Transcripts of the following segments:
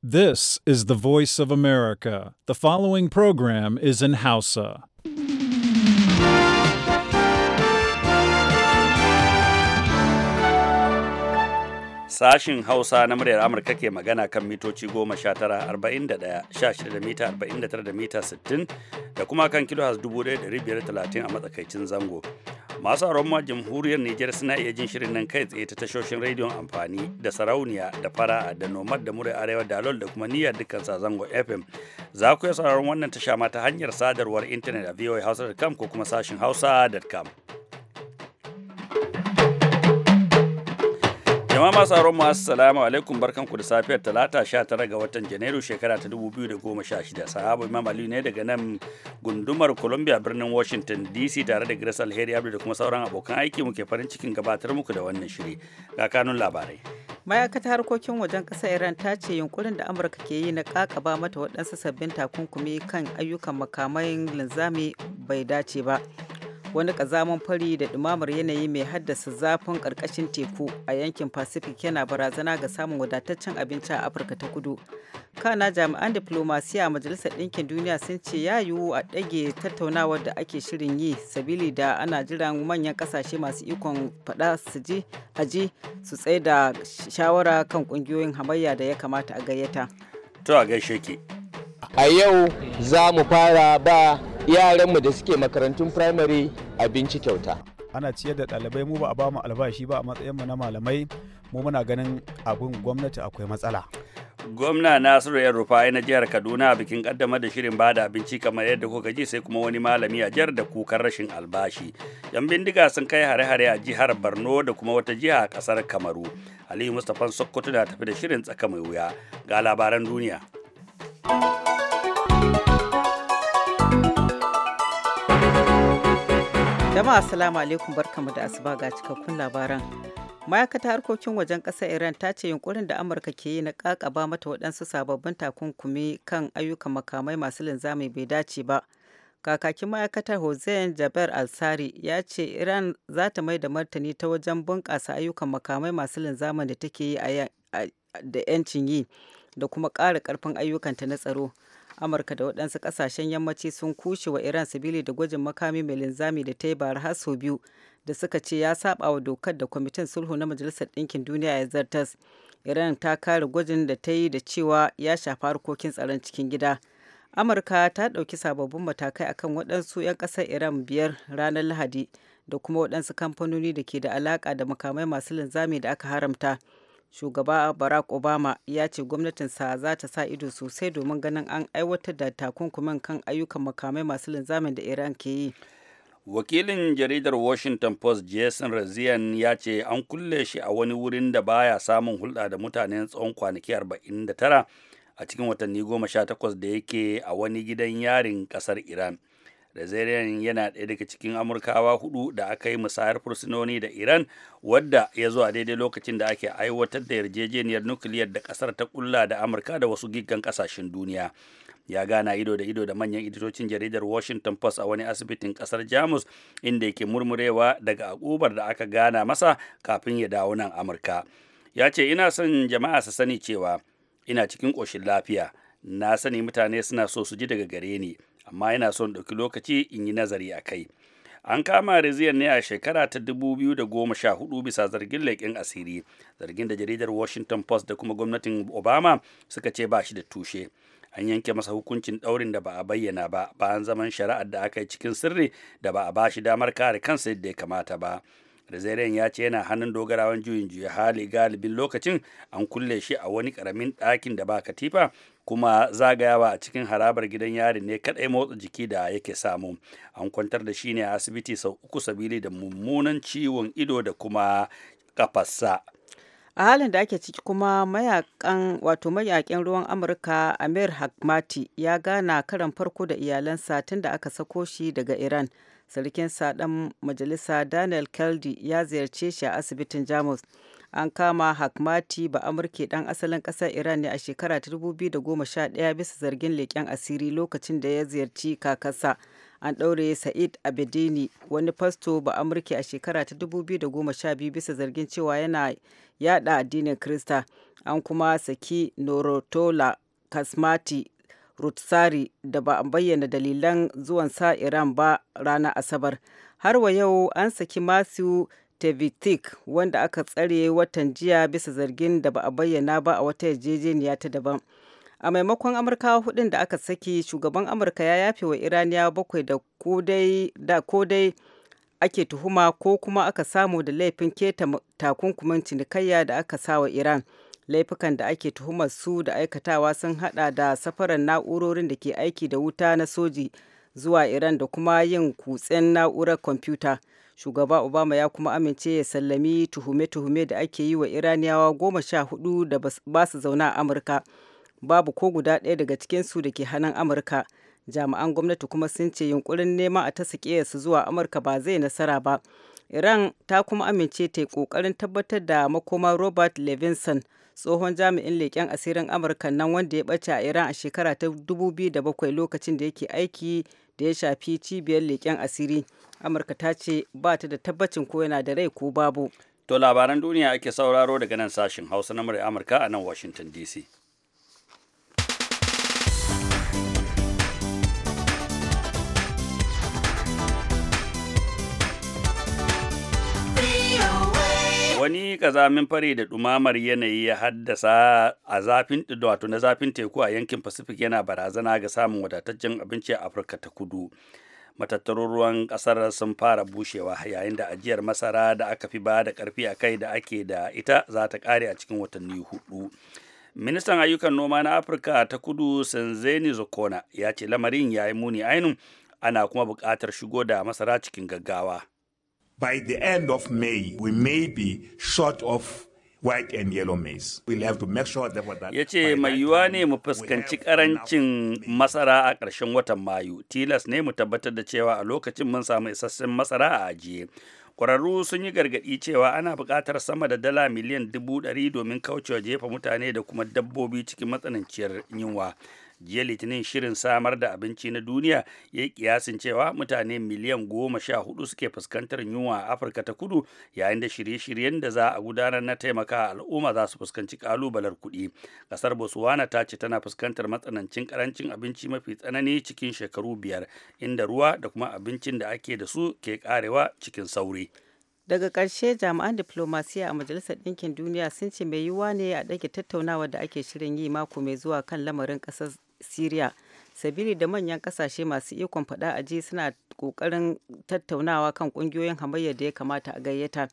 This is the voice of America. The following program is in Hausa. Sashin Hausa na muryar Amurka ke magana kan mitoci goma sha tara arba'in da ɗaya, sha shida da mita arba'in da tara da mita sittin da kuma kan kilo dubu ɗaya da biyar talatin a matsakaicin zango. masu aron ma jamhuriyar Nijar suna iya jin shirin nan kai tsaye ta tashoshin rediyon amfani da sarauniya da fara'a da nomad da murai arewa da lol da kuma niyyar dukkan zango FM za ku iya sauraron wannan tasha ma ta hanyar sadarwar intanet a hausa.com ko kuma sashin hausa.com Jama'a masu sauran mu assalamu alaikum barkanku da safiyar talata 19 ga watan Janairu shekara ta 2016. Sahabu Imam Ali ne daga nan gundumar Columbia birnin Washington DC tare da Grace Alheri abdul da kuma sauran abokan aiki muke farin cikin gabatar muku da wannan shiri. Ga kanun labarai. Ma'aikatar harkokin wajen ƙasar Iran ta ce yunkurin da Amurka ke yi na kakaba mata waɗansu sabbin takunkumi kan ayyukan makamai linzami bai dace ba. wani kazaman fari da ɗumamar yanayi mai haddasa zafin ƙarƙashin teku a yankin pacific yana barazana ga samun wadataccen abinci a afirka ta kudu kana jami'an diplomasiya a majalisar ɗinkin duniya sun ce ya yiwu a ɗage tattaunawar da ake shirin yi sabili da ana jiran manyan ƙasashe masu ikon faɗa su ji aji su tsaye da shawara kan ƙungiyoyin hamayya da ya kamata a gayyata to a gaishe ki a yau za mu fara ba yaranmu da suke makarantun firamare abinci kyauta ana ciyar da ɗalibai mu ba a bamu albashi ba a matsayinmu na malamai mu muna ganin abin gwamnati akwai matsala gwamna nasiru yan rufai na jihar kaduna a bikin kaddama da shirin bada abinci kamar yadda kuka ji sai kuma wani malami a jihar da kukan rashin albashi yan bindiga sun kai hare-hare a jihar borno da kuma wata jiha a kasar kamaru aliyu mustapha sokoto na tafi da shirin tsaka mai wuya ga labaran duniya Jama'a assalamu alaikum barkamu da asuba ga cikakkun labaran. Ma'aikatar harkokin wajen ƙasar Iran ta ce yunkurin da Amurka ke yi na kakaba mata waɗansu sababbin takunkumi kan ayyukan makamai masu linzami bai dace ba. Kakakin ma'aikatar Hossein Jaber Alsari ya ce Iran za ta mai da martani ta wajen bunƙasa ayyukan makamai masu linzamin da take yi da 'yancin yi da kuma ƙara ƙarfin ayyukanta na tsaro. amurka da waɗansu ƙasashen yammaci sun kushe wa iran sabili da gwajin makami mai linzami da ta yi bara har sau biyu da suka ce ya saba wa dokar da kwamitin sulhu na majalisar ɗinkin duniya ya zartas iran ta kare gwajin da ta yi da cewa ya shafi harkokin tsaron cikin gida amurka ta ɗauki sababbin matakai akan waɗansu 'yan ƙasar iran biyar ranar lahadi da kuma waɗansu kamfanoni da ke da alaƙa da makamai masu linzami da aka haramta. shugaba barack obama ya ce gwamnatinsa za ta sa ido sosai domin ganin an aiwatar da takunkumin kan ayyukan makamai masu linzamin da iran ke yi wakilin jaridar washington post jason razian ya ce an kulle shi a wani wurin da baya samun hulɗa da mutanen tsawon kwanaki 49 a cikin watanni 18 da yake a wani gidan yarin ƙasar iran Rezerian yana ɗaya daga cikin Amurkawa hudu da aka yi musayar fursunoni da Iran wadda ya zo a daidai lokacin da ake aiwatar da yarjejeniyar nukiliyar da ƙasar ta kulla da Amurka da wasu giggan ƙasashen duniya. ya gana ido da ido da manyan editocin jaridar washington post a wani asibitin ƙasar jamus inda yake murmurewa daga akubar da aka gana masa kafin ya dawo nan amurka ya ce ina son jama'a su sani cewa ina cikin ƙoshin lafiya na sani mutane suna so su ji daga gare ni amma yana son ɗauki lokaci in yi nazari a kai an kama riziyar ne a shekara ta 2014 bisa zargin leƙen asiri zargin da jaridar washington post da kuma gwamnatin obama suka ce ba shi da tushe an yanke masa hukuncin ɗaurin da ba a bayyana ba an zaman shari'ar da aka yi cikin sirri da ba a ba shi damar kare kansa yadda ya kamata ba Rezerian ya ce yana hannun dogarawan juyin juya hali galibin lokacin an kulle shi a wani ƙaramin ɗakin da ba katifa kuma zagayawa a cikin harabar gidan yari ne kadai motsa jiki da yake samu an kwantar da shi ne a asibiti sau uku sabili da mummunan ciwon ido da kuma kafarsa a halin da ake ciki kuma mayakan wato mayakin ruwan amurka amir hakmati ya gana karan farko da iyalansa tun da aka sako shi daga iran sarkin sadan majalisa daniel keldi ya ziyarce shi a asibitin jamus an kama hakmati ba amurke dan asalin kasar iran ne a shekara ta 2011 bisa zargin leƙen asiri lokacin da ya ziyarci kakasa an ɗaure sa'id abedini wani fasto ba amurke a shekara ta 2012 bisa zargin cewa yana yada addinin krista an kuma saki norotola kasmati rutsari da ba bayyana dalilan zuwan sa iran ba ranar asabar har wa yau an saki masu tevitik wanda aka tsare watan jiya bisa zargin da ba a bayyana ba a wata yarjejeniya ta daban. A maimakon amurka hudun da aka saki, shugaban Amurka ya yafe wa Iraniya bakwai da ko dai ake tuhuma ko kuma aka samu da laifin keta takunkumin cinikayya da aka sa wa Iran. Laifukan da ake tuhumar su da aikatawa sun hada da safarar na'urorin da ke aiki da wuta na soji zuwa Iran da kuma yin kutsen na'urar kwamfuta. Shugaba Obama ya kuma amince ya sallami tuhume-tuhume da ake yi wa Iraniyawa goma sha hudu da ba su zauna a Amurka. Babu ko guda ɗaya daga cikinsu da ke hannun Amurka. Jami'an gwamnati kuma sun ce yunkurin neman a ta su zuwa Amurka ba zai nasara ba. Iran ta kuma amince ta yi ƙoƙarin tabbatar da makoma Robert Levinson tsohon jami'in leƙen asirin amurka nan wanda ya ɓace a iran a shekara ta 2007 lokacin da yake aiki da ya shafi cibiyar leƙen asiri amurka ta ce ba ta da tabbacin ko yana da rai ko babu to labaran duniya ake sauraro daga nan sashen hausa na amurka a nan washington dc wani kazamin fari da ɗumamar yanayi ya haddasa a zafin wato na zafin teku a yankin pacific yana barazana ga samun wadataccen abinci a afirka ta kudu matattarun ruwan ƙasar sun fara bushewa yayin da ajiyar masara da aka fi ba da ƙarfi a kai da ake da ita za ta ƙare a cikin watanni hudu ministan ayyukan noma na afirka ta kudu sanzeni zokona ya ce lamarin ya yi muni ainihin ana kuma buƙatar shigo da masara cikin gaggawa By the end of May, we may be short of white and yellow maize. We'll have to make sure that that Ya ce mai yiwuwa ne mu fuskanci karancin masara a ƙarshen watan Mayu. Tilas ne mu tabbatar da cewa a lokacin mun samu isassun masara a ajiye. Ƙwararru sun yi gargaɗi cewa ana buƙatar sama da dala miliyan dubu ɗari domin kaucewa jefa mutane da kuma dabbobi cikin matsananciyar yunwa. jiya litinin shirin samar da abinci na duniya ya yi kiyasin cewa mutane miliyan goma sha hudu suke fuskantar yunwa a afirka ta kudu yayin da shirye-shiryen da za a gudanar na taimaka al'umma za su fuskanci kalubalar kuɗi ƙasar botswana ta ce tana fuskantar matsanancin karancin abinci mafi tsanani cikin shekaru biyar inda ruwa da kuma abincin da ake da su ke karewa cikin sauri daga karshe jami'an diplomasiya a majalisar ɗinkin duniya sun ce mai yiwuwa ne a ɗage tattaunawa da ake shirin yi mako mai zuwa kan lamarin ƙasar Siriya. Sabili da manyan kasashe masu ikon fada a ji suna kokarin tattaunawa kan kungiyoyin hamayya da ya kamata a gayyata.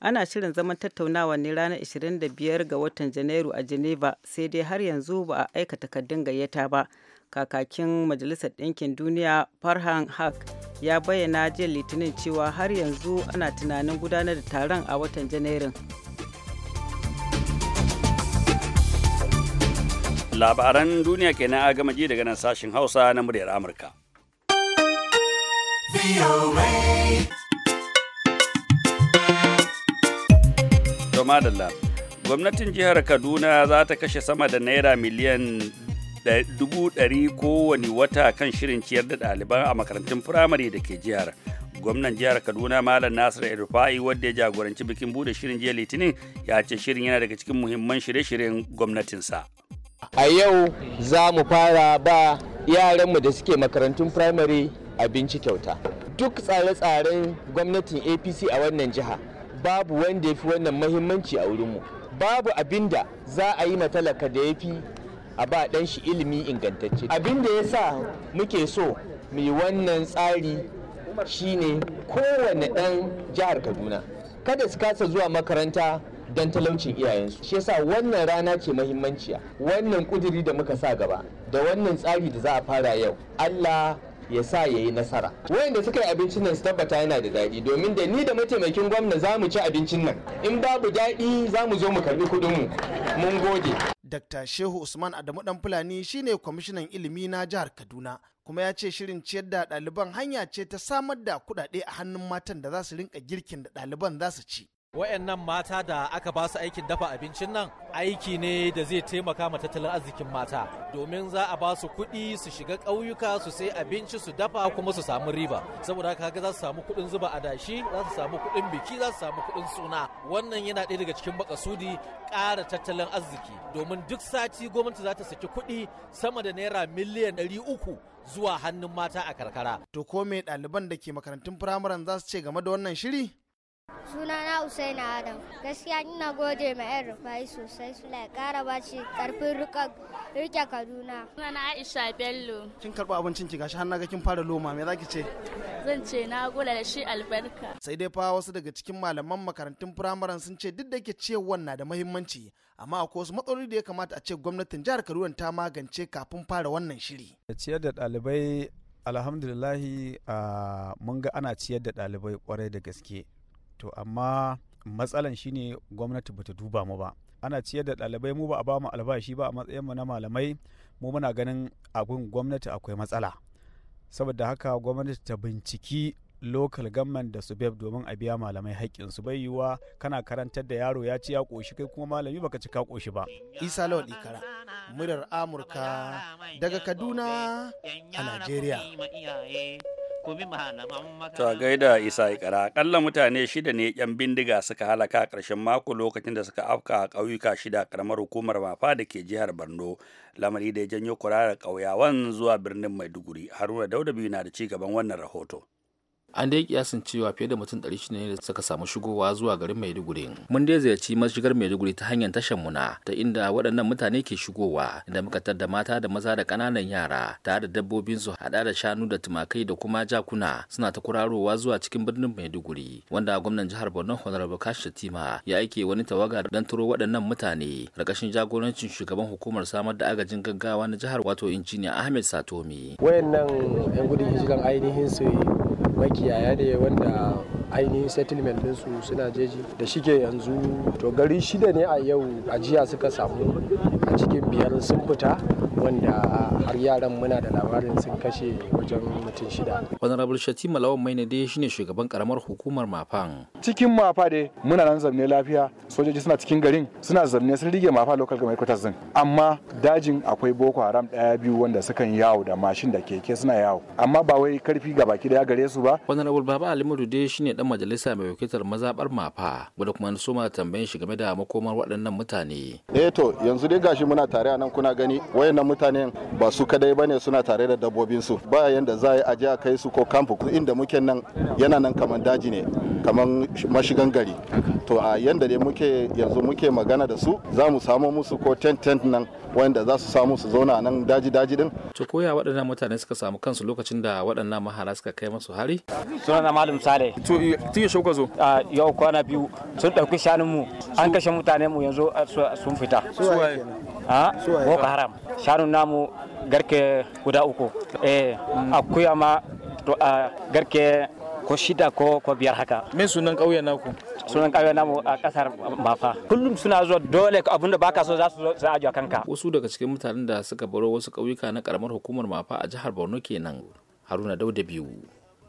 Ana shirin zaman tattaunawa ne ranar 25 ga watan Janairu a Geneva sai dai har yanzu ba a aika takaddun gayyata ba. Kakakin Majalisar Ɗinkin Duniya Farhan Haq ya bayyana jiya Litinin cewa har yanzu ana tunanin gudanar da taron a watan Janairun. labaran duniya ke a gama ji daga nan sashen hausa na muryar amurka madalla gwamnatin jihar kaduna za ta kashe sama da naira miliyan dubu kowane wata kan shirin ciyar da ɗaliban a makarantun firamare da ke jihar gwamnan jihar kaduna malam nasir irfa'i wadda ya jagoranci bikin bude shirin jiya litinin ya ce shirin yana daga cikin muhimman shirye-shiryen gwamnatinsa A yau za mu fara ba yaranmu da suke makarantun firamare abinci kyauta. Duk tsare-tsaren gwamnatin APC a wannan jiha babu wanda ya fi wannan mahimmanci a wurinmu. Babu abin da za a yi matalaka da ya fi a ba ɗan shi ilimi ingantacce. Abin da ya sa muke so mu yi wannan tsari shine kowane ɗan jihar Kaduna. Kada su kasa zuwa makaranta don talaucin iyayensu shi yasa wannan rana ke mahimmanciya wannan kuduri da muka sa gaba da wannan tsari da za a fara yau Allah ya sa ya yi nasara wayanda suka yi abincin nan su tabbata yana da daɗi domin da ni da mataimakin gwamna za mu ci abincin nan in babu daɗi za mu zo mu karɓi mu mun gode dakta Shehu Usman Adamu Dan Fulani shine kwamishinan ilimi na jihar Kaduna kuma ya ce shirin ciyar da ɗaliban hanya ce ta samar da kuɗaɗe a hannun matan da za su rinka girkin da ɗaliban za su ci. wayannan mata da aka ba su aikin dafa abincin nan aiki ne da zai taimaka ma tattalin arzikin mata domin za a ba su kuɗi su shiga ƙauyuka su sai abinci su dafa kuma su samu riba saboda haka haka za su samu kuɗin zuba adashi za su samu kuɗin biki za su samu kuɗin suna wannan yana ɗaya daga cikin makasudi ƙara tattalin arziki domin duk sati gwamnati za ta saki kuɗi sama da naira miliyan ɗari uku zuwa hannun mata a karkara. To ko me ɗaliban da ke makarantun firamaren za su ce game da wannan shiri? sunana usain adam gaskiya ina gode ma yan rufai sosai su la kara ba shi karfin rike kaduna sunana aisha bello kin karba abincin ki gashi har na ga kin fara loma me zaki ce zan ce na gula da shi albarka sai dai fa wasu daga cikin malaman makarantun firamaren sun ce duk da ke cewan na da muhimmanci amma akwai wasu matsaloli da ya kamata a ce gwamnatin jihar kaduna ta magance kafin fara wannan shiri ciyar da ɗalibai alhamdulillahi ah, mun ga ana ciyar da ɗalibai kwarai da gaske to amma matsalan shine gwamnati bata duba mu ba ana ciyar da ɗalibai mu ba a bamu albashi ba a matsayin mu na malamai mu muna ganin abin gwamnati akwai matsala saboda haka gwamnati ta binciki local government da su beb domin a biya malamai haƙƙin su bai yiwuwa kana karantar da yaro ya ci ya ƙoshi kai kuma malami baka ci ka ƙoshi ba isa lawal ikara murar amurka daga kaduna a najeriya To gaida Isa Ikara, akalla mutane shida ne yan bindiga suka halaka a ƙarshen mako lokacin da suka afka a ƙauyuka shida karamar hukumar Mafa da ke jihar Borno, lamari da ya janyo kurarar ƙauyawan zuwa birnin Maiduguri. Haruna Dauda biyu na da ci gaban wannan rahoto. an dai kiyasin cewa fiye da mutum shida ne da suka samu shigowa zuwa garin maiduguri mun dai ziyarci mashigar maiduguri ta hanyar tashan muna ta inda waɗannan mutane ke shigowa inda muka da mata da maza da ƙananan yara tare da dabbobin su haɗa da shanu da tumakai da kuma jakuna suna ta kurarowa zuwa cikin birnin maiduguri wanda gwamnan jihar borno honorable kashi tima. ya aike wani tawaga don turo waɗannan mutane ƙarƙashin jagorancin shugaban hukumar samar da agajin gaggawa na jihar wato injiniya ahmed satomi wayannan yan gudun hijiran ainihin su makiyaya ne wanda ainihin settlement dinsu suna jeji da shike yanzu to gari shida ne a yau ajiya suka samu a cikin biyar sun fita wanda har yaran muna da labarin sun kashe wajen mutum shida. Honorable Shatima Lawan mai dai shine shugaban karamar hukumar Mafan. Cikin Mafa dai muna nan zamne lafiya sojoji suna cikin garin suna zamne sun rige Mafa local government quarters din amma dajin akwai Boko Haram daya biyu wanda sukan yawo da mashin da keke suna yawo amma ba wai karfi ga baki daya gare su ba. Honorable Baba Alimudu dai shine dan majalisa mai wakiltar mazabar mafa wanda kuma ma tambayin shi game da makomar waɗannan mutane eh to yanzu dai gashi muna tare a nan kuna gani wayannan mutanen ba su kadai bane suna tare da dabbobin su ba yanda za a je a kai su ko kamfu inda muke nan yana nan kaman daji ne kaman mashigan gari to a yanda dai muke yanzu muke magana da su za mu samo musu ko tent tent nan wanda za su samu su zauna nan daji daji din to koya waɗannan mutane suka samu kansu lokacin da waɗannan mahara suka kai masu hari suna na malam sale to eh, tun yaushe kuka zo a ah, yau kwana biyu sun ɗauki shanun mu an kashe mutane mu yanzu ah, sun fita a boko haram shanun namu garke guda uku eh mm. akuya ma ah, garke ko shida ko ko biyar haka me sunan ƙauyen naku sunan ƙauyen namu a ƙasar mafa kullum suna zuwa dole abinda baka so za su zo za a kanka wasu daga cikin mutanen da suka baro wasu ƙauyuka na ƙaramar hukumar mafa a jihar Borno kenan Haruna Dauda biyu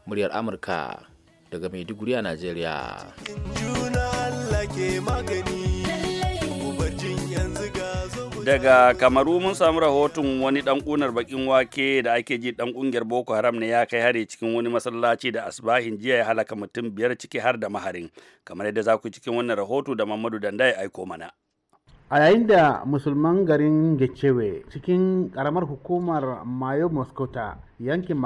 muryar Amurka daga Maiduguri a Najeriya juna Allah ke magani daga kamaru mun samu rahoton wani dan kunar bakin wake da ake ji dan kungiyar boko haram ne ya kai hari cikin wani masallaci da asbahin jiya ya halaka mutum biyar ciki har da maharin kamar yadda za ku cikin wannan rahoto da mamadu danda ya aiko mana a yayin da musulman garin gecewe cikin karamar hukumar mayo moscota yankin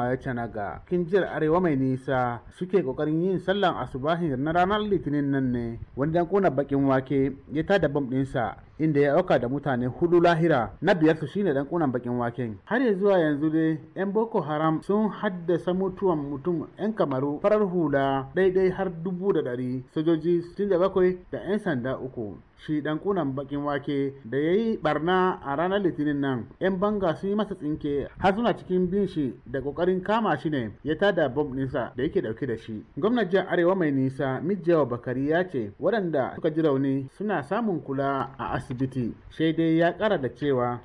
ga kin jiyar Arewa mai nisa suke kokarin yin sallan asubahin na ranar Litinin nan ne wanda kona bakin wake ya ta da bam ɗinsa inda ya auka da mutane hudu lahira na biyar su shine dan kunan bakin waken har ya zuwa yanzu dai yan boko haram sun haddasa mutuwan mutum yan kamaru farar hula daidai har dubu da dari sojoji sun da bakwai da yan sanda uku shi dan kunan bakin wake da ya yi barna a ranar litinin nan yan banga sun yi masa tsinke har suna cikin bin shi da kokarin kama shi ne ya tada bom ɗinsa da yake dauke da shi gwamnan jihar arewa mai nisa mijiyawa bakari ya ce waɗanda suka ji rauni suna samun kula a asibiti sai dai ya kara da cewa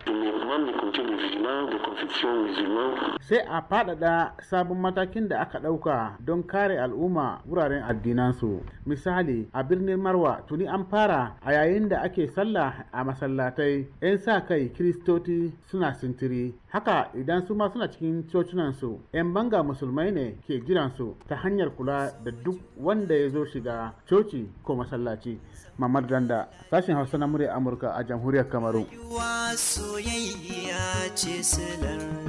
sai a faɗaɗa sabon matakin da aka ɗauka don kare al'umma wuraren addinansu misali a birnin marwa tuni an fara a yayin da ake sallah a masallatai 'yan sa kai kiristoti suna sintiri haka idan su ma suna cikin cocinansu 'yan banga musulmai ne ke jiransu ta hanyar kula da duk wanda ya zo shiga coci ko masallaci mamar danda sashen hausa na murya amurka a jamhuriyar kamaru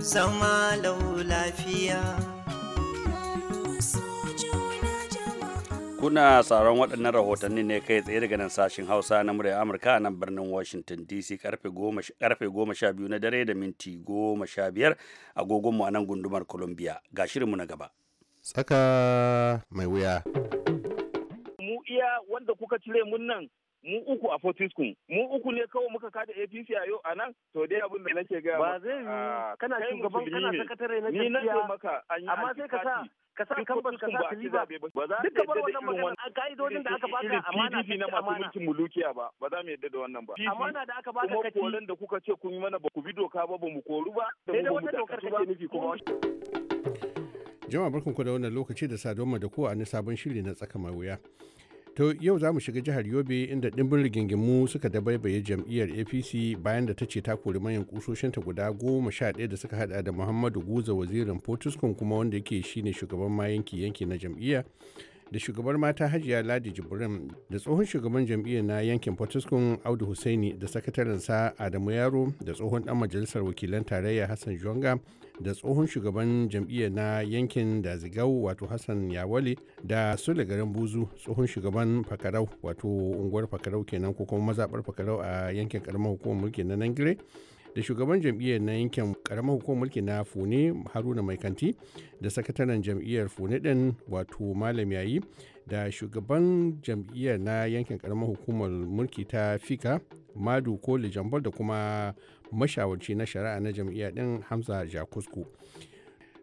zama lafiya Kuna tsaron waɗannan rahotanni ne kai tsaye daga nan sashen Hausa na murya Amurka a nan birnin Washington DC karfe goma sha biyu na dare da minti goma sha biyar agogonmu a nan gundumar Columbia. Ga shirinmu na gaba. Tsaka mai wuya. Mu iya wanda kuka cire mun nan mu uku a Fortiskun mu uku ne kawai muka kada APC a yau a nan to dai abin da nake ga ba zai yi ah, kana shugaban kana sakatare na ni na maka amma sai ka sa ka sa kambas ka sa siliba ba za ta yadda da irin wannan ka'idodin da aka baka amana ta na masu mulkin mulukiya ba ba za mu yadda da wannan ba amana da aka baka kaci kuma koren da kuka ce kun yi mana ba ku bi doka ba ba mu koru ba da mu ba mu dakatu ba jama'a barkanku da wannan lokaci da sadoma da kowa a sabon shiri na tsaka wuya To yau za mu shiga jihar Yobe inda ɗimbin rigingimu suka dabaibaye jam'iyyar APC bayan da ta ce ta kori manyan kusoshinta guda goma sha ɗaya da suka haɗa da Muhammadu Guza wazirin Fortiskun kuma wanda yake shi ne shugaban mayanki yanki na jam'iyya da shugabar mata Hajiya Ladi Jibrin da tsohon shugaban jam'iyyar na yankin Fortiskun Audu husaini da sakatarensa Adamu Yaro da tsohon ɗan majalisar wakilan tarayya Hassan Jonga da tsohon shugaban jam'iyyar na yankin dazigau wato hassan yawale da sule garin buzu tsohon shugaban fakarau wato unguwar fakarau kenan ko kuma mazaɓar fakarau a yankin karamar hukumar mulki na nangire da shugaban jam'iyyar na yankin karamar hukumar mulki na fune haruna mai kanti da sakataren jam'iyyar fune din wato malam yayi da shugaban jam'iyyar na yankin karamar hukumar mulki ta fika madu ko jambal da kuma mashawarci na shari'a na jam'iyya din Hamza Jakusku.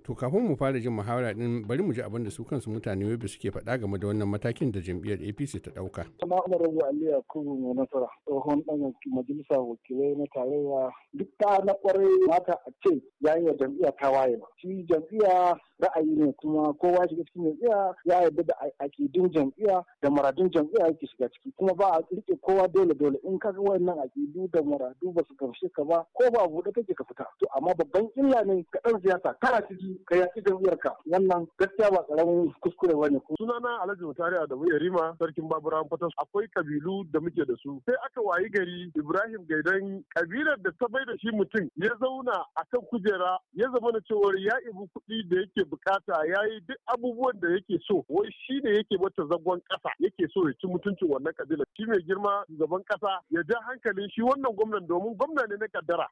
To kafin mu fara jin muhawara din bari mu ji abin da su kansu mutane webe suke faɗa game da wannan matakin da jam'iyyar APC ta ɗauka. kuma Umar Rabu aliya kuru mai nasara tsohon ɗan majalisa wakilai na tarayya duk ta na kwarai mata a ce yayin jam'iyya ta waye ba. Shi jam'iyya ra'ayi ne kuma kowa shiga cikin jam'iyya ya yarda da akidun jam'iyya da muradun jam'iyya yake shiga ciki kuma ba a rike kowa dole dole in ka ga wayannan akidu da muradu ba su gamshe ka ba ko ba buɗe kake ka fita to amma babban illa ne ka ɗan siyasa kana ciki ka yaƙi jam'iyyar ka wannan gaskiya ba karamin kuskure ba ne. sunana alhaji mutare da yarima sarkin babura fata akwai kabilu da muke da su sai aka wayi gari ibrahim gaidan kabilar da ta bai da shi mutum ya zauna akan kujera ya zama na cewar ya ibi kuɗi da yake bukata ya yi duk abubuwan da yake so wai shi ne yake mata zagon kasa yake so ya ci mutuncin wannan kabila shi mai girma gaban kasa ya ja hankalin shi wannan gwamnan domin gwamna ne na kaddara.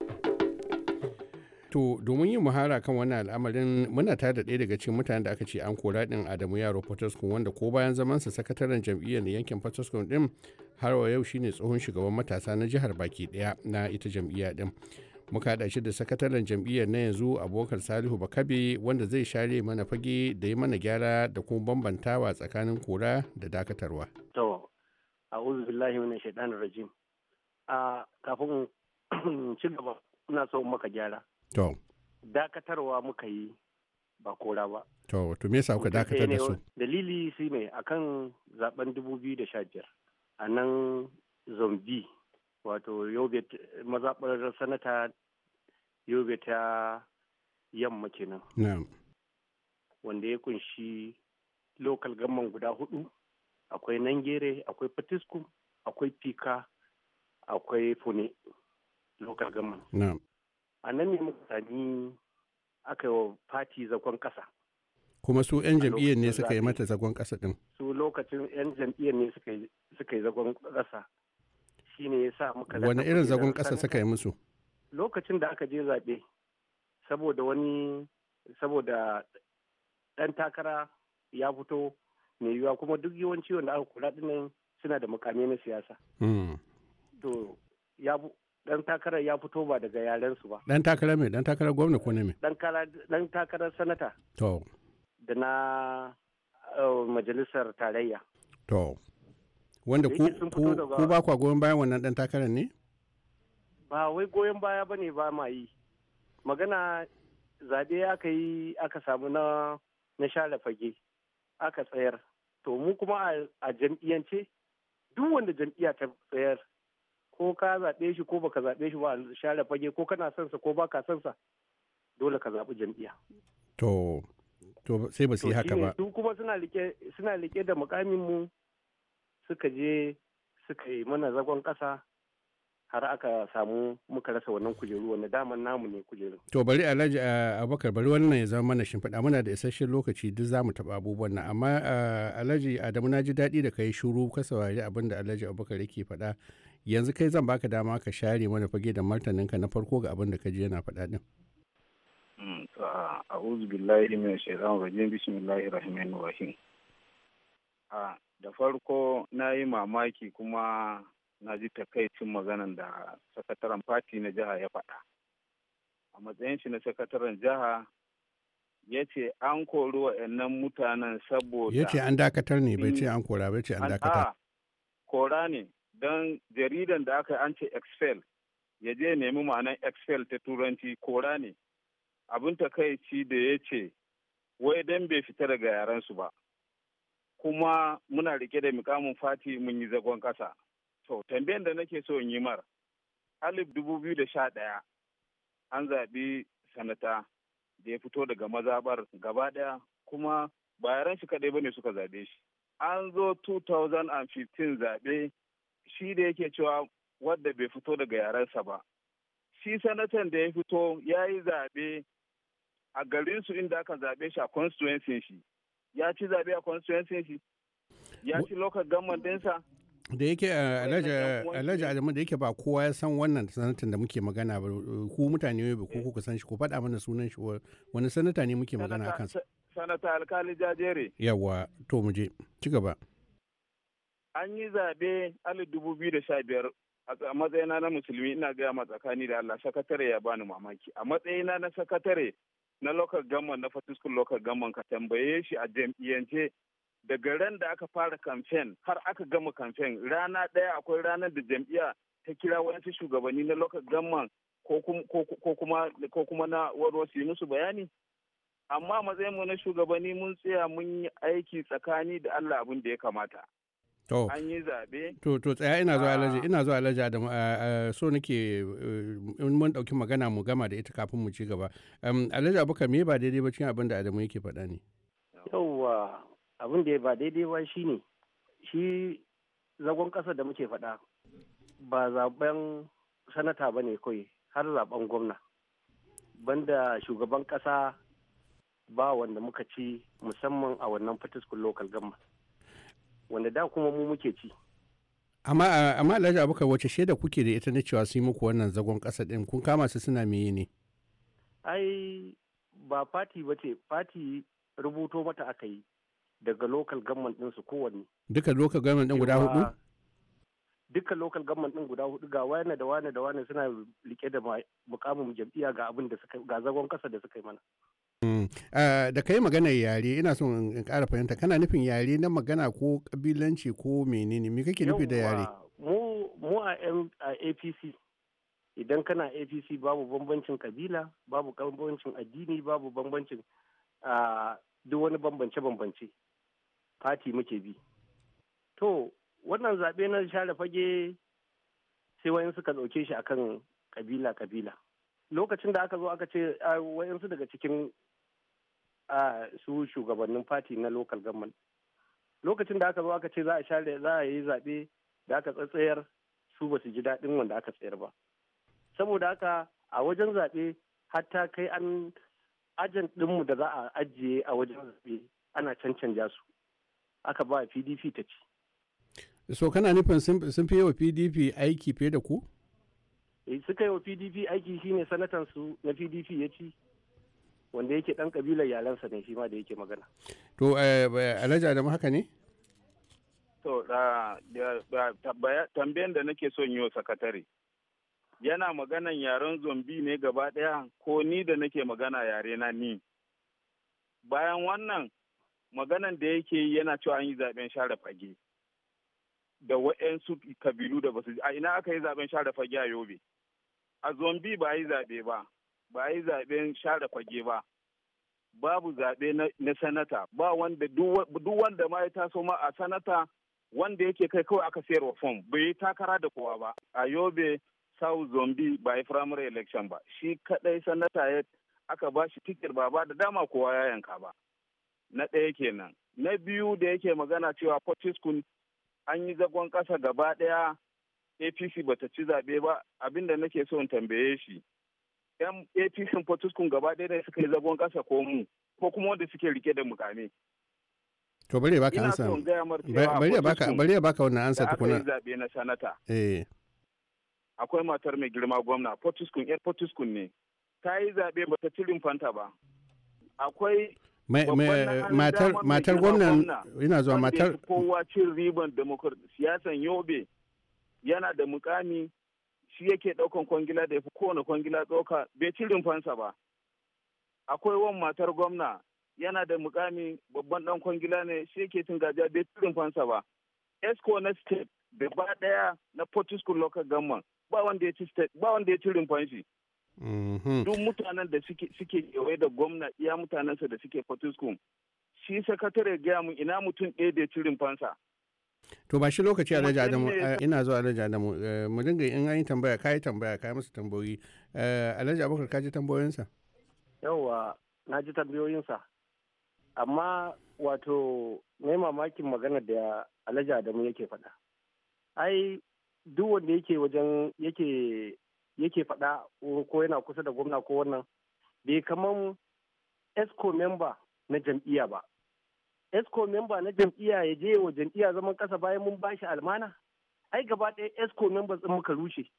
To domin yin muhara kan wannan al'amarin muna tare da ɗaya daga cikin mutanen da aka ce an kora ɗin Adamu Yaro Potoskum wanda ko bayan zamansa sakataren jam'iyyar na yankin Potoskum ɗin har wa yau shine tsohon shugaban matasa na jihar baki ɗaya na ita jam'iyya ɗin. muka haɗa shi da sakataren jam'iyyar na yanzu abokan salihu bakabe wanda zai share mana fage da yi mana gyara da kuma bambantawa tsakanin kora da dakatarwa to a'udhu billahi wani shaitanir rajim a kafin ci gaba ina so maka gyara to dakatarwa muka yi ba kora ba to to me yasa kuka dakatar da su dalili shi ne akan zaben 2015 a nan zombi wato yobe mazaɓar sanata yobe ta yamma kenan wanda ya kunshi lokal gamman guda hudu akwai nangere akwai patiskum akwai pika akwai fune lokal gamman a nan ne mutane aka yi wa fati zagon kasa kuma su 'yan jam'iyyar ne suka yi mata zagon kasa din su lokacin 'yan jam'iyyar ne suka yi zagon kasa ne ya sa muka wani irin zagon ƙasa suka yi musu lokacin da aka je zaɓe saboda wani saboda ɗan takara ya fito mai yiwuwa kuma duk yawanci wanda aka kula ɗin suna da mukami na siyasa hmm. to ya dan takarar ya fito ba daga yaren su ba dan takarar mai dan takarar gwamna ko ne mai dan takarar sanata to da na eh, majalisar tarayya to wanda ku ba kwa goyon bayan wannan dan takarar ne ba wai goyon baya ba ne ba ma yi magana zaɓe aka yi aka samu na na share fage aka tsayar to mu kuma a jam'iyyance duk wanda jam'iyya ta tsayar ko ka zaɓe shi ko baka zaɓe shi ba a share fage ko kana son sa ko baka son sa dole ka zaɓi jam'iyya to to sai ba su yi haka ba su kuma suna rike suna rike da mukamin mu suka je suka yi mana zagon ƙasa har aka samu muka rasa wannan kujeru wanda daman namu ne kujeru. To bari Alhaji Abubakar bari wannan ya zama mana shimfiɗa muna da isasshen lokaci duk zamu taɓa abubuwan nan amma Alhaji Adamu na ji daɗi da kai shuru ka saurari abin da Alhaji Abubakar yake faɗa yanzu kai zan baka dama ka share mana fage da martaninka na farko ga abin da ka ji yana faɗa din. Hmm, a'udhu billahi min الشيطان rajim bismillahir rahmanir rahim. da farko na yi mamaki kuma na ji takaicin maganan da sakataren fati na jiha ya faɗa a matsayin shi na sakataren jiha ya ce an kori wa'annan mutanen saboda ya ce an dakatar ne bai ce mm. an kora bai ce an dakatar kora ne don jaridan da aka an ce excel ya je nemi ma'anan excel ta turanci kora ne abin takaici da ya ce wai don bai fita daga yarensu ba kuma muna rike da mukamin fati mun yi zagon ƙasa. To, tambayan da nake so in yi mar, alif dubu biyu da sha ɗaya an zaɓi sanata da ya fito daga mazaɓar gaba ɗaya kuma ba yaran shi kaɗai ba ne suka zaɓe shi. An zo 2015 zaɓe shi da yake cewa wadda bai fito daga yarensa ba. Shi sanatan da ya fito ya yi zaɓe a garinsu inda aka zaɓe shi a constituency shi. ya ci zaɓe a constituency shi ya ci local government ɗinsa da yake eh, alhaji eh, adamu da yake ba kowa ya san wannan sanatan da muke magana ba ku mutane ba ko kuka san shi ko faɗa mana sunan shi wani sanata ne muke magana a kansa sanata alkali jajere yawa to mu je ci gaba an yi zaɓe alif dubu biyu da sha biyar a matsayina na musulmi ina gaya ma tsakani da Allah sakatare ya bani mamaki a matsayina na sakatare na local government na fatiskun local government ka tambaye shi a jam'iyyance daga ran da aka fara kamfen har aka gama kamfen rana ɗaya akwai ranar da jam'iyya ta kira wani shugabanni na local government ko kuma na waro su yi musu bayani amma matsayin mu na shugabanni mun tsaya mun yi aiki tsakani da Allah abin da ya kamata an yi zaɓe. To, to tsaya ina zuwa alaji, ina zuwa alaji Adamu, so nake eh, in mun ɗauki magana mu gama da ita kafin mu ci gaba. Alhaji Abubakar me ba daidai ba cikin abin da Adamu yake faɗa ne? Yawwa, abin da ba daidai ba shi ne, shi zagon ƙasar da muke faɗa ba zaben sanata ba ne kawai har zaben gwamna. Banda shugaban ƙasa ba wanda muka ci musamman a wannan fatiskun local government. wanda da kuma mu muke ci amma eh, amma alhaji abubakar wace shaida kuke da ita na cewa su yi muku wannan zagon kasa din kun kama su suna meye ne ai ba fati ba ce fati rubuto mata aka yi daga local government din su kowanne duka local government din guda hudu duka local government din guda hudu ga wane da wane da wane suna rike da mukamin jam'iyya ga abin da suka ga zagon kasa da suka yi mana Eh, da kai magana yare ina son in kara fahimta kana nufin yare na magana ko kabilanci ko menene me kake nufi da yare mu a apc idan kana apc babu bambancin kabila babu bambancin addini babu bambancin duk wani bambance-bambance fati muke bi to wannan zaɓe na share fage sai wayan suka ɗauke shi akan kabila-kabila lokacin da aka zo aka ce wayansu daga cikin a su shugabannin fati na lokal government lokacin da aka zo aka ce za a share za a yi zaɓe da aka tsatsayar su ba su ji daɗin wanda aka tsayar ba saboda haka a wajen zaɓe hatta kai an ajin ɗinmu da za a ajiye a wajen zaɓe ana cancanja su aka ba pdp ta ci so kana nufin sun fi wa pdp aiki fiye da ku eh, suka yi wa pdp aiki shine sanatan su na pdp ya ci wanda yake dan kabilar yalansa ne shi ma da yake magana to eh, alhaji adamu haka ne to tambayan da nake son yi wa sakatare yana maganan yaren zombi ne gaba daya ko ni da nake magana yare na ni bayan wannan maganan da yake yana cewa an yi zaben share fage da waɗansu kabilu da basu a ina aka yi zaben share fage a yobe a zombi ba yi zabe ba ba a yi zaɓen share kwage ba babu zaɓe na sanata ba wanda duk wanda ma ya taso ma a sanata wanda yake kai kawai aka sayarwa fom bai yi takara da kowa ba a yobe south zombi ba yi primary election ba shi kadai sanata ya aka ba shi tikir ba ba da dama kowa ya yanka ba na ɗaya kenan na biyu da yake magana cewa potiskun an yi zagon ƙasa gaba ɗaya apc ta ci zaɓe ba abinda nake so in tambaye shi yan apc fatuskun gaba ɗaya da suka yi zagon ƙasa ko mu ko kuma wanda suke rike da mukami. to bari ya baka ansa bari ya baka bari ya baka wannan ansa tukuna da zabe na sanata eh akwai matar mai girma gwamna potuskun yan potuskun ne ta yi zabe ba ta cirin fanta ba akwai matar matar gwamnan ina zuwa matar kowa cin riban siyasan yobe yana da mukami shi yake ɗaukan kwangila da ya fi kowane kwangila ɗauka bai ci rumfansa ba akwai wan matar gwamna yana da mukami babban ɗan kwangila ne shi yake cin gajiya bai ci rumfansa ba esco na state gaba ɗaya na portisco local government ba wanda ya ci state ba wanda ya ci rumfan mm-hmm. duk mutanen da suke yawai da gwamna iya mutanensa da suke portisco shi sakatare gaya mu ina mutum ɗaya da ya ci rumfansa to ba shi lokaci alhaji adamu eh, ina zuwa alhaji adamu eh, mu dinga in an yi tambaya ka yi tambaya ka yi musu tambayoyi eh, alhaji abubakar ka ji tambayoyinsa yawwa na ji tambayoyinsa amma wato ne mamakin magana da alhaji adamu yake faɗa ai duk wanda yake wajen yake yake faɗa ko yana kusa da gwamna ko wannan bai kaman esco member na jam'iyya ba esco memba na jam'iyya ya je wa jam'iyya zaman kasa bayan mun bashi almana ai gaba ɗaya esco members din muka rushe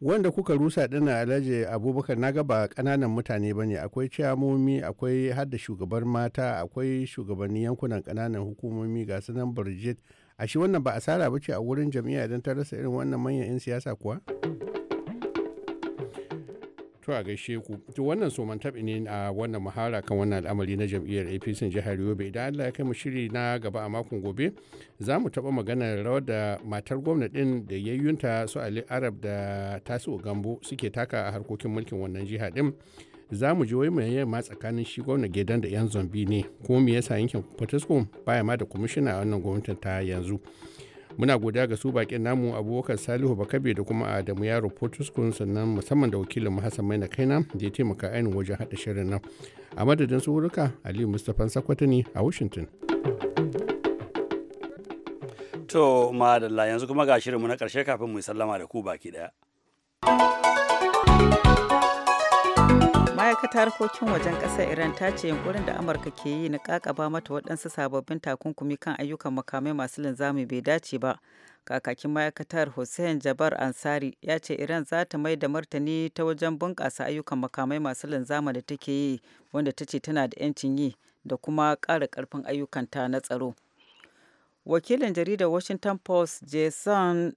wanda kuka rusa dana alhaji abubakar na gaba ba kananan mutane bane akwai ciyamomi akwai hadda shugabar mata akwai shugabannin yankunan kananan hukumomi ga sunan Brigitte. a shi wannan ba asara ba ce a wurin jam'iyya idan ta rasa irin wannan manyan 'yan siyasa kuwa To a gaishe ku. To wannan so taɓi ne a wannan muhara kan wannan al'amari na jam'iyyar APC jihar Yobe. Idan Allah ya kai mu shiri na gaba a makon gobe za mu taɓa maganar rawar da matar gwamna ɗin da yayyunta su Ali Arab da Tasi'u Gambo suke taka a harkokin mulkin wannan jiha ɗin. za mu ji wai mai ma tsakanin shi gwamna gidan da 'yan zombi ne ko me yasa yankin Potoskum baya ma da kwamishina a wannan gwamnatin ta yanzu. muna godiya ga su bakin namu abubakar salihu bakabe da kuma adamu yaro potuskun sannan musamman da wakilin mu hassan maina kaina da ya taimaka ainihin wajen haɗa shirin nan a madadin su huruka aliyu mustapha sakwata ne a washington to madalla yanzu kuma ga shirinmu na karshe kafin mu yi sallama da ku baki ɗaya. ma'aikatar harkokin wajen ƙasar iran ta ce yunkurin da amurka ke yi na kakaba mata waɗansu sababbin takunkumi kan ayyukan makamai masu linzami bai dace ba kakakin ma'aikatar hussein jabar ansari ya ce iran za ta mai da martani ta wajen bunƙasa ayyukan makamai masu linzama da take yi wanda ta ce tana da 'yancin yi da kuma ƙara ƙarfin ayyukanta na tsaro wakilin jaridar washington post jason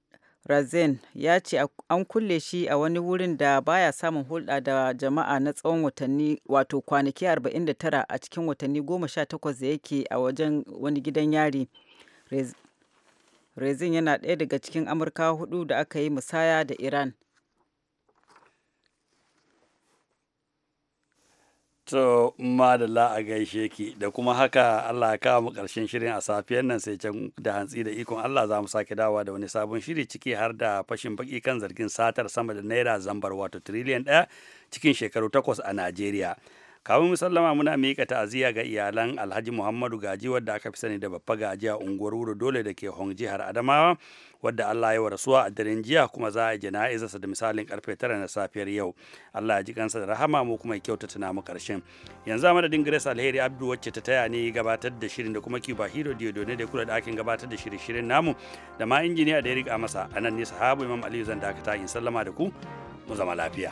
razin ya ce an kulle shi a wani wurin da baya samun hulɗa da jama'a na tsawon watanni wato kwanaki 49 a cikin watanni 18 da yake a wajen wani gidan yari razin yana ɗaya daga cikin amurka hudu da aka yi musaya da iran To madalla a gaishe ki da kuma haka Allah ya kawo mu ƙarshen shirin a safiyar nan sai can da hantsi da ikon Allah za mu sake dawa da wani sabon shiri ciki har da fashin baki kan zargin satar sama da naira zambar wato tiriliyan ɗaya cikin shekaru takwas a Najeriya. kawun musallama muna miƙa ta'aziyya ga iyalan alhaji muhammadu gaji wadda aka fi sani da babba gaji a unguwar wuri dole da ke hong jihar adamawa wadda allah ya warasuwa a daren jiya kuma za a jana'izarsa da misalin karfe tara na safiyar yau allah ya ji kansa da rahama mu kuma kyauta tuna mu karshen yanzu a madadin grace alheri abdu wacce ta taya ne gabatar da shirin da kuma kiba hiro diodone da kula da akin gabatar da shirin shirin namu da ma injiniya da ya riga masa anan ne sahabu imam aliyu zan dakata in sallama da ku mu zama lafiya.